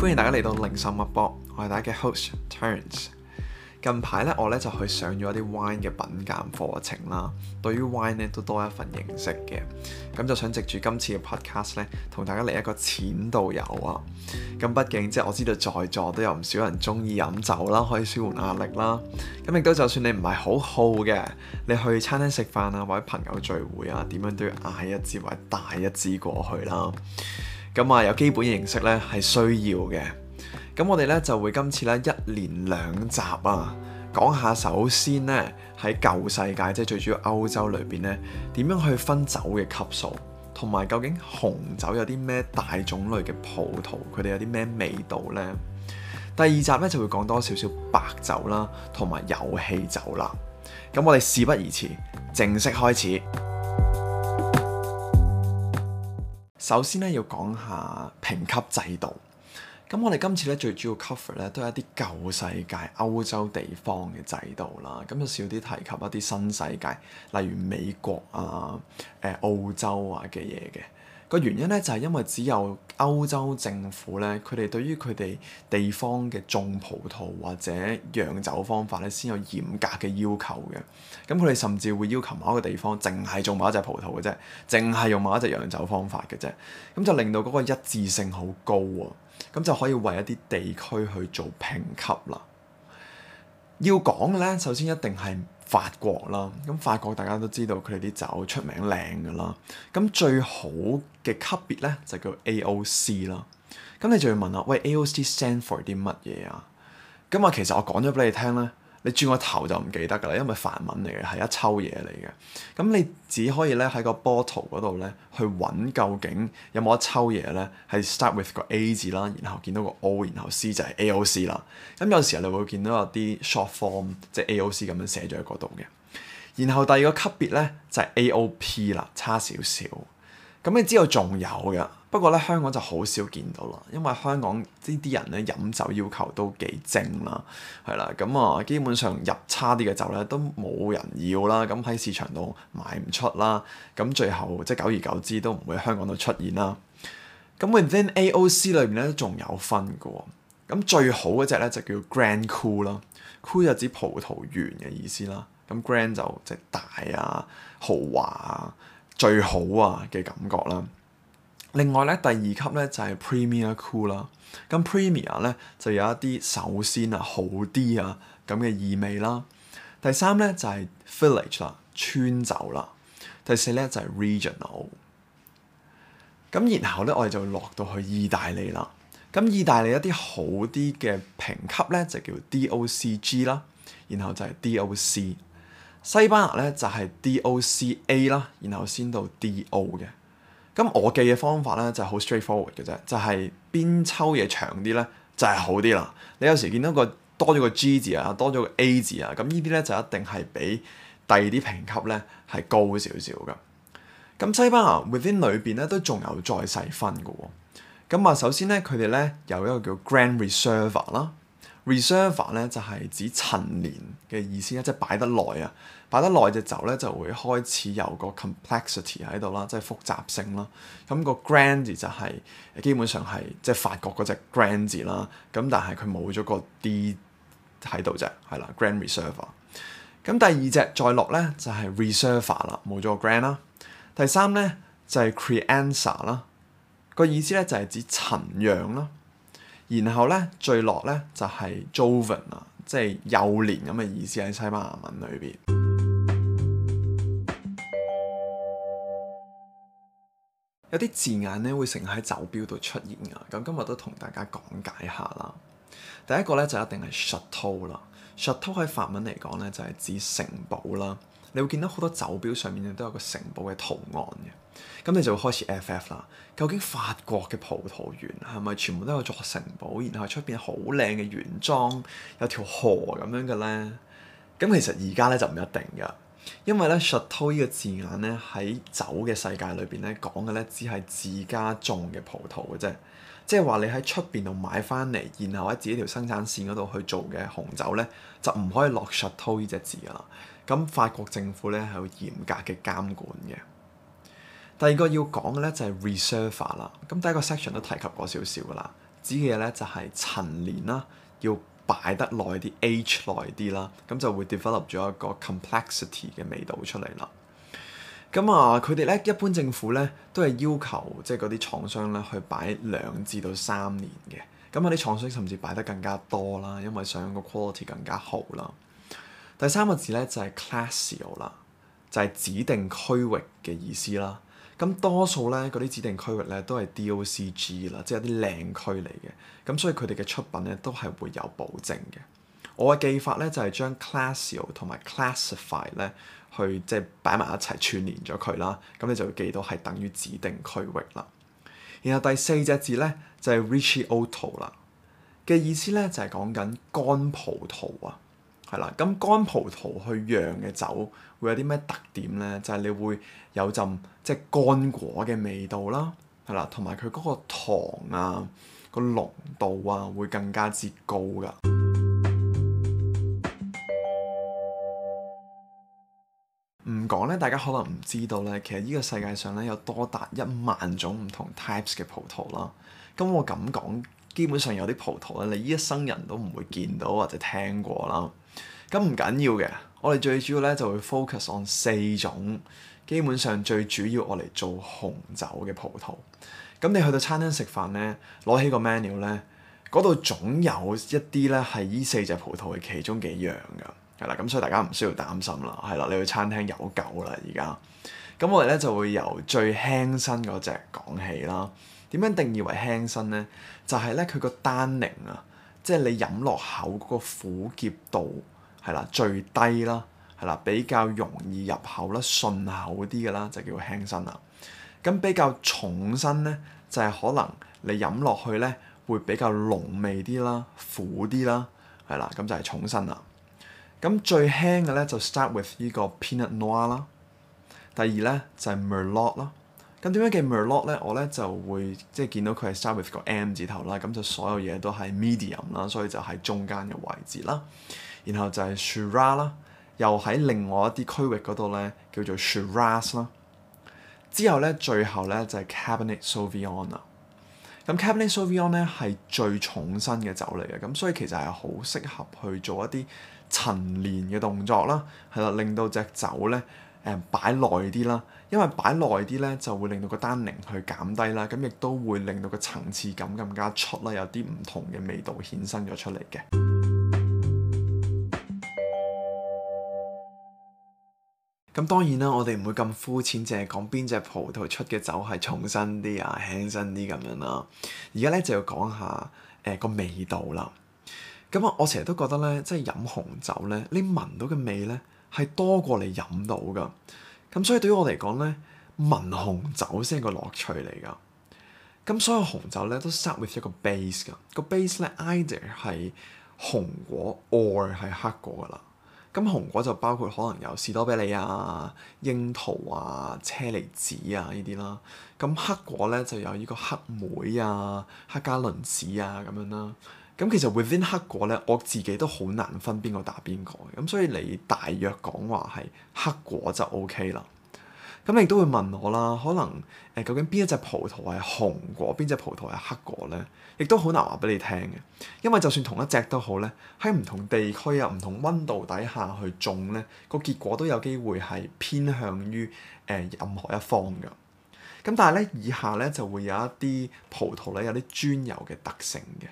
歡迎大家嚟到零食脈搏，我係大家嘅 host Terence，近排呢，我呢就去上咗一啲 wine 嘅品鑑課程啦，對於 wine 呢，都多一份認識嘅。咁就想藉住今次嘅 podcast 呢，同大家嚟一個淺導遊啊。咁畢竟即係我知道在座都有唔少人中意飲酒啦，可以舒緩壓力啦。咁亦都就算你唔係好好嘅，你去餐廳食飯啊，或者朋友聚會啊，點樣都要嗌一支或者帶一支過去啦。咁啊，有基本認識咧係需要嘅。咁我哋咧就會今次咧一連兩集啊，講下首先咧喺舊世界，即係最主要歐洲裏邊咧，點樣去分酒嘅級數，同埋究竟紅酒有啲咩大種類嘅葡萄，佢哋有啲咩味道呢？第二集咧就會講多少少白酒啦，同埋有氣酒啦。咁我哋事不宜遲，正式開始。首先咧要講下評級制度，咁我哋今次咧最主要 cover 咧都係一啲舊世界、歐洲地方嘅制度啦，咁就少啲提及一啲新世界，例如美國啊、誒澳洲啊嘅嘢嘅。個原因咧，就係、是、因為只有歐洲政府咧，佢哋對於佢哋地方嘅種葡萄或者釀酒方法咧，先有嚴格嘅要求嘅。咁佢哋甚至會要求某一個地方，淨係種某一隻葡萄嘅啫，淨係用某一隻釀酒方法嘅啫。咁就令到嗰個一致性好高喎、哦。咁就可以為一啲地區去做評級啦。要講嘅咧，首先一定係。法國啦，咁法國大家都知道佢哋啲酒出名靚噶啦，咁最好嘅級別咧就叫 AOC 啦，咁你就要問下：喂，AOC stand for 啲乜嘢啊？咁啊其實我講咗俾你聽咧。你轉個頭就唔記得㗎啦，因為繁文嚟嘅係一抽嘢嚟嘅，咁你只可以咧喺個 bottle 嗰度咧去揾究竟有冇一抽嘢咧係 start with 個 A 字啦，然後見到個 O，然後 C 就係 AOC 啦。咁有陣時候你會見到有啲 short form 即係 AOC 咁樣寫咗喺嗰度嘅。然後第二個級別咧就係 AOP 啦，差少少。咁你知道仲有嘅，不過咧香港就好少見到啦，因為香港呢啲人咧飲酒要求都幾精啦，係啦，咁啊基本上入差啲嘅酒咧都冇人要啦，咁喺市場度賣唔出啦，咁最後即係久而久之都唔會喺香港度出現啦。咁 within AOC 裏面咧仲有分嘅喎、喔，咁最好嗰隻咧就叫 Grand Cru 啦，Cru、cool、就指葡萄園嘅意思啦，咁 Grand 就即係大啊豪華啊。最好啊嘅感覺啦。另外咧，第二級咧就係 Premier Cool 啦。咁 Premier 咧就有一啲首先啊好啲啊咁嘅意味啦。第三咧就係 Village 啦，村酒啦。第四咧就係 Regional。咁然後咧我哋就落到去意大利啦。咁意大利一啲好啲嘅評級咧就叫 DOCG 啦，然後就係 DOC。西班牙咧就係、是、D.O.C.A 啦，o C、a，然後先到 D.O 嘅。咁我記嘅方法咧就係好 straightforward 嘅啫，就係、是、邊、就是、抽嘢長啲咧就係、是、好啲啦。你有時見到個多咗個 G 字啊，多咗個 A 字啊，咁呢啲咧就一定係比第二啲評級咧係高少少嘅。咁西班牙 within 裏邊咧都仲有再細分嘅喎。咁啊，首先咧佢哋咧有一個叫 Grand Reserva 啦。Reserva 咧就係、是、指陳年嘅意思啦，即係擺得耐啊，擺得耐隻酒咧就會開始有個 complexity 喺度啦，即係複雜性啦。咁、那個 Gran 字就係、是、基本上係即係法國嗰隻 grand 字啦。咁但係佢冇咗個 d 喺度啫，係啦，Gran Reserva。咁第二隻再落咧就係、是、Reserva 啦，冇咗個 Gran 啦。第三咧就係、是、Crianza 啦，個意思咧就係、是、指陳釀啦。然後咧最落咧就係、是、Joven 啊，即係幼年咁嘅意思喺西班牙文裏邊。有啲字眼咧會成日喺酒標度出現啊，咁今日都同大家講解下啦。第一個咧就一定係 Chateau 啦，Chateau 喺法文嚟講咧就係、是、指城堡啦。你會見到好多酒標上面咧都有個城堡嘅圖案嘅，咁你就會開始 FF 啦。究竟法國嘅葡萄園係咪全部都有座城堡，然後出邊好靚嘅園莊有條河咁樣嘅咧？咁其實而家咧就唔一定㗎，因為咧 Chateau 呢個字眼咧喺酒嘅世界裏邊咧講嘅咧只係自家種嘅葡萄嘅啫，即係話你喺出邊度買翻嚟，然後喺自己條生產線嗰度去做嘅紅酒咧就唔可以落 Chateau 呢隻字㗎啦。咁法國政府咧係有嚴格嘅監管嘅。第二個要講嘅咧就係 Riserva 啦。咁第一個 section 都提及過少少啦。指嘅嘢咧就係陳年啦，要擺得耐啲、age 耐啲啦，咁就會 develop 咗一個 complexity 嘅味道出嚟啦。咁啊，佢哋咧一般政府咧都係要求即係嗰啲廠商咧去擺兩至到三年嘅。咁啊，啲廠商甚至擺得更加多啦，因為想個 quality 更加好啦。第三個字咧就係 classy 啦，就係、是、指定區域嘅意思啦。咁多數咧嗰啲指定區域咧都係 DOCG 啦，即係啲靚區嚟嘅。咁所以佢哋嘅出品咧都係會有保證嘅。我嘅記法咧就係、是、將 classy 同埋 classify 咧去即係擺埋一齊串連咗佢啦，咁你就會記到係等於指定區域啦。然後第四隻字咧就係、是、richo 桃啦嘅意思咧就係講緊乾葡萄啊。係啦，咁乾葡萄去釀嘅酒會有啲咩特點咧？就係、是、你會有陣即係、就是、乾果嘅味道啦，係啦，同埋佢嗰個糖啊個濃度啊會更加之高㗎。唔講咧，大家可能唔知道咧，其實呢個世界上咧有多達一萬種唔同 types 嘅葡萄啦。咁我咁講。基本上有啲葡萄咧，你依一生人都唔會見到或者聽過啦。咁唔緊要嘅，我哋最主要咧就會 focus on 四種，基本上最主要用嚟做紅酒嘅葡萄。咁你去到餐廳食飯咧，攞起個 menu 咧，嗰度總有一啲咧係依四隻葡萄嘅其中幾樣㗎。係啦，咁所以大家唔需要擔心啦。係啦，你去餐廳有夠啦，而家。咁我哋咧就會由最輕身嗰隻講起啦。點樣定義為輕身咧？就係咧佢個單寧啊，即係你飲落口嗰個苦澀度係啦最低啦，係啦比較容易入口啦，順口啲嘅啦，就叫輕身啦。咁比較重身咧，就係、是、可能你飲落去咧會比較濃味啲啦，苦啲啦，係啦，咁就係重身啦。咁最輕嘅咧就 start with 呢個 Pinot Noir 啦。第二咧就係、是、Merlot 啦。咁點樣嘅 Merlot 咧？我咧就會即係見到佢係 start with 個 M 字頭啦，咁就所有嘢都係 medium 啦，所以就喺中間嘅位置啦。然後就係 Shiraz 啦，又喺另外一啲區域嗰度咧叫做 Shiraz 啦。之後咧最後咧就係、是、Cabernet Sauvignon 啊。咁 Cabernet Sauvignon 咧係最重身嘅酒嚟嘅，咁所以其實係好適合去做一啲陳年嘅動作啦，係啦，令到隻酒咧。誒、嗯、擺耐啲啦，因為擺耐啲咧就會令到個單寧去減低啦，咁亦都會令到個層次感更加出啦，有啲唔同嘅味道衍生咗出嚟嘅。咁、嗯、當然啦，我哋唔會咁膚淺，淨係講邊隻葡萄出嘅酒係重身啲啊、輕身啲咁樣啦。而家咧就要講下誒、呃、個味道啦。咁啊，我成日都覺得咧，即係飲紅酒咧，你聞到嘅味咧。係多過你飲到噶，咁所以對於我嚟講咧，聞紅酒先個樂趣嚟㗎。咁所有紅酒咧都 set with 一個 base 㗎，那個 base 咧 i t h e r 係紅果 or 係黑果㗎啦。咁紅果就包括可能有士多啤梨啊、櫻桃啊、車厘子啊呢啲啦。咁黑果咧就有呢個黑莓啊、黑加侖子啊咁樣啦。咁其實，within 黑果咧，我自己都好難分邊個打邊個嘅。咁所以你大約講話係黑果就 OK 啦。咁你都會問我啦，可能誒究竟邊一隻葡萄係紅果，邊隻葡萄係黑果咧？亦都好難話俾你聽嘅，因為就算同一隻都好咧，喺唔同地區啊、唔同溫度底下去種咧，個結果都有機會係偏向於誒、呃、任何一方嘅。咁但係咧，以下咧就會有一啲葡萄咧有啲專有嘅特性嘅。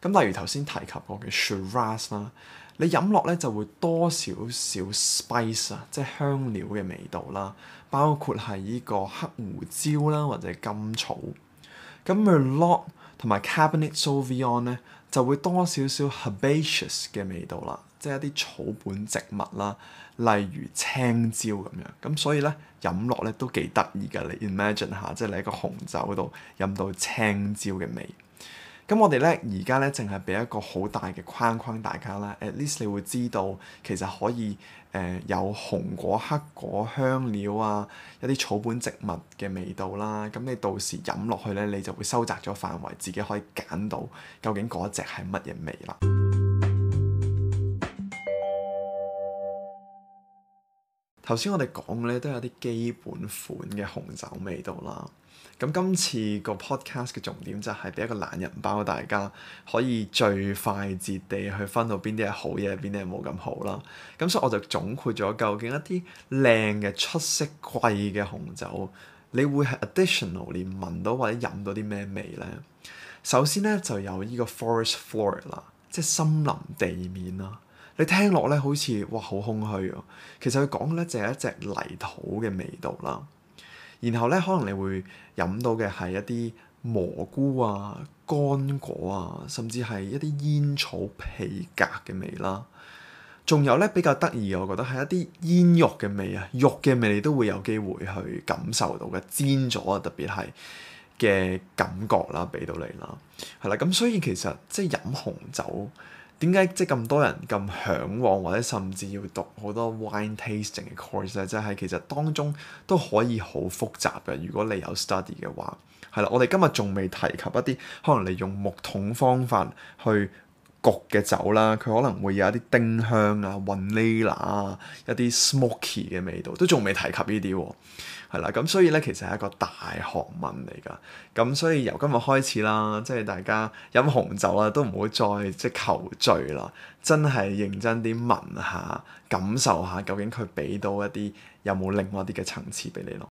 咁例如頭先提及過嘅 Shiraz 啦，你飲落咧就會多少少 spice 啊，即係香料嘅味道啦，包括係依個黑胡椒啦或者甘草。咁 Merlot 同埋 Cabernet Sauvignon 咧就會多少少 herbaceous 嘅味道啦，即係一啲草本植物啦，例如青椒咁樣。咁所以咧飲落咧都幾得意嘅，你 imagine 下，即係你喺個紅酒度飲到青椒嘅味道。咁我哋呢，而家呢，淨係俾一個好大嘅框框大家啦，At least 你會知道其實可以、呃、有紅果、黑果、香料啊、一啲草本植物嘅味道啦。咁你到時飲落去呢，你就會收窄咗範圍，自己可以揀到究竟嗰隻係乜嘢味啦。頭先我哋講嘅呢，都有啲基本款嘅紅酒味道啦。咁今次個 podcast 嘅重點就係俾一個懶人包，大家可以最快捷地去分到邊啲係好嘢，邊啲係冇咁好啦。咁所以我就總括咗，究竟一啲靚嘅出色貴嘅紅酒，你會係 additional 連聞到或者飲到啲咩味咧？首先咧就有依個 forest floor 啦，即係森林地面啦。你聽落咧好似哇好空虛啊、哦，其實佢講咧就係一隻泥土嘅味道啦。然後咧，可能你會飲到嘅係一啲蘑菇啊、乾果啊，甚至係一啲煙草皮革嘅味啦。仲有咧比較得意嘅，我覺得係一啲煙肉嘅味啊，肉嘅味你都會有機會去感受到嘅，煎咗啊，特別係嘅感覺啦，俾到你啦，係啦。咁所以其實即係飲紅酒。點解即咁多人咁嚮往，或者甚至要讀好多 wine tasting 嘅 course 咧？即係其實當中都可以好複雜㗎。如果你有 study 嘅話，係啦，我哋今日仲未提及一啲可能你用木桶方法去焗嘅酒啦，佢可能會有一啲丁香啊、雲呢拿啊、一啲 smoky 嘅味道，都仲未提及呢啲喎，係啦，咁所以咧其實係一個大學問嚟㗎，咁所以由今日開始啦，即係大家飲紅酒啦，都唔好再即係求醉啦，真係認真啲聞下、感受下，究竟佢俾到一啲有冇另外一啲嘅層次俾你咯。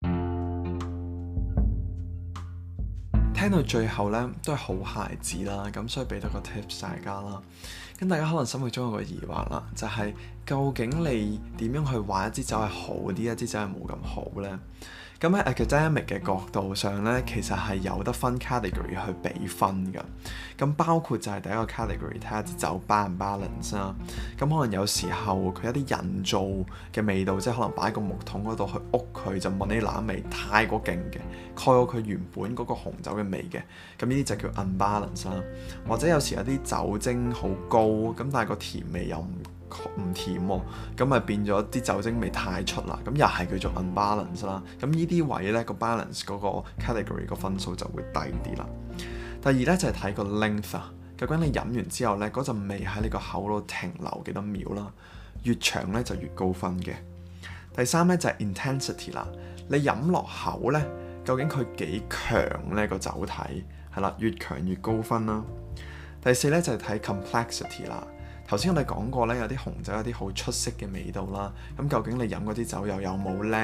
聽到最後咧，都係好孩子啦，咁所以俾到個 tips 曬大家啦。咁大家可能心目中有個疑惑啦，就係、是、究竟你點樣去話一支酒係好啲，一支酒係冇咁好咧？咁喺 academic 嘅角度上咧，其實係有得分 category 去比分嘅。咁包括就係第一個 category，睇下酒吧 balance 啦。咁可能有時候佢一啲人造嘅味道，即係可能擺個木桶嗰度去屋佢，就冇啲奶味太過勁嘅，蓋過佢原本嗰個紅酒嘅味嘅。咁呢啲就叫 unbalance 啦。或者有時有啲酒精好高，咁但係個甜味又唔。唔甜喎、啊，咁咪變咗啲酒精味太出啦，咁又係叫做 unbalance 啦。咁呢啲位呢個 balance 嗰個 category 個分數就會低啲啦。第二呢就係、是、睇個 length 啊，究竟你飲完之後呢嗰陣、那個、味喺你個口度停留幾多秒啦，越長呢就越高分嘅。第三呢就係、是、intensity 啦，你飲落口呢，究竟佢幾強呢、那個酒體，係啦，越強越高分啦。第四呢就係、是、睇 complexity 啦。頭先我哋講過呢，有啲紅酒有啲好出色嘅味道啦。咁究竟你飲嗰啲酒又有冇呢？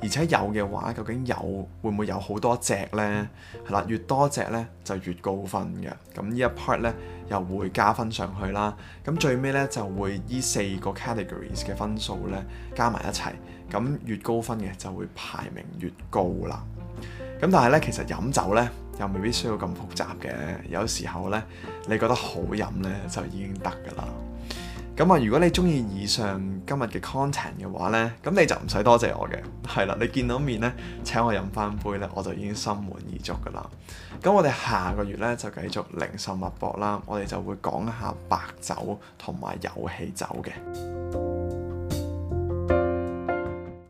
而且有嘅話，究竟有會唔會有好多隻呢？係啦、嗯，越多隻呢，就越高分嘅。咁呢一 part 呢，又會加分上去啦。咁最尾呢，就會依四個 categories 嘅分數呢，加埋一齊。咁越高分嘅就會排名越高啦。咁但係呢，其實飲酒呢，又未必需要咁複雜嘅，有時候呢，你覺得好飲呢，就已經得㗎啦。咁啊，如果你中意以上今日嘅 content 嘅話呢，咁你就唔使多謝我嘅，係啦，你見到面呢，請我飲翻杯呢，我就已經心滿意足㗎啦。咁我哋下個月呢，就繼續零售脈搏啦，我哋就會講一下白酒同埋有氣酒嘅。